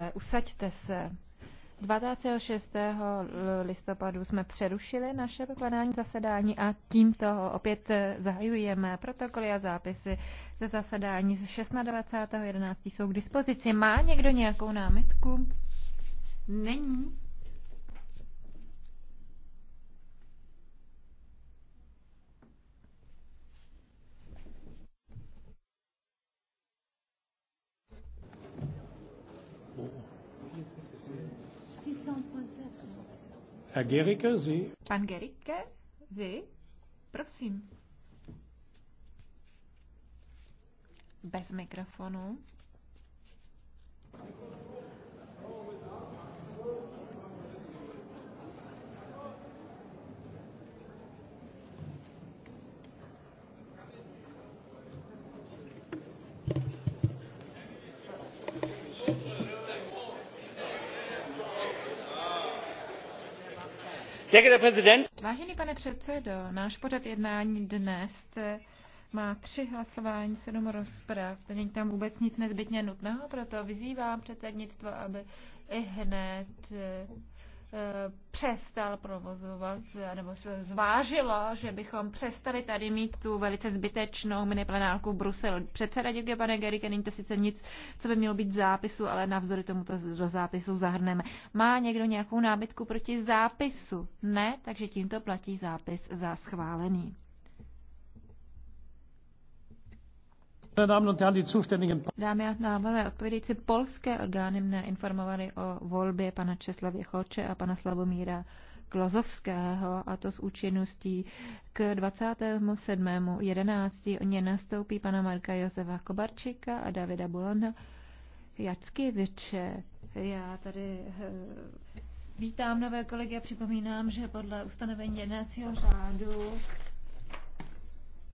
Eh, usaďte se. 26. listopadu jsme přerušili naše plenární zasedání a tímto opět eh, zahajujeme protokoly a zápisy ze zasedání z 16.11. jsou k dispozici. Má někdo nějakou námitku? Není. Herr Gericke, Sie? Pan Gericke, vy? Prosím. Bez mikrofonu. Vážený pane předsedo, náš pořad jednání dnes má tři hlasování, sedm rozprav. Není tam vůbec nic nezbytně nutného, proto vyzývám předsednictvo, aby i hned Eh, přestal provozovat, nebo zvážilo, že bychom přestali tady mít tu velice zbytečnou miniplenárku v Bruselu. Předseda děkuji, pane Gerike, není to sice nic, co by mělo být v zápisu, ale navzory to do zápisu zahrneme. Má někdo nějakou námitku proti zápisu? Ne, takže tímto platí zápis za schválený. Dámy a pánové, odpovědící polské orgány mne informovaly o volbě pana Česlavě Choče a pana Slavomíra Klozovského, a to s účinností k 27.11. O ně nastoupí pana Marka Josefa Kobarčika a Davida Bulana Jackiviče. Já tady eh, vítám nové kolegy a připomínám, že podle ustanovení jednacího řádu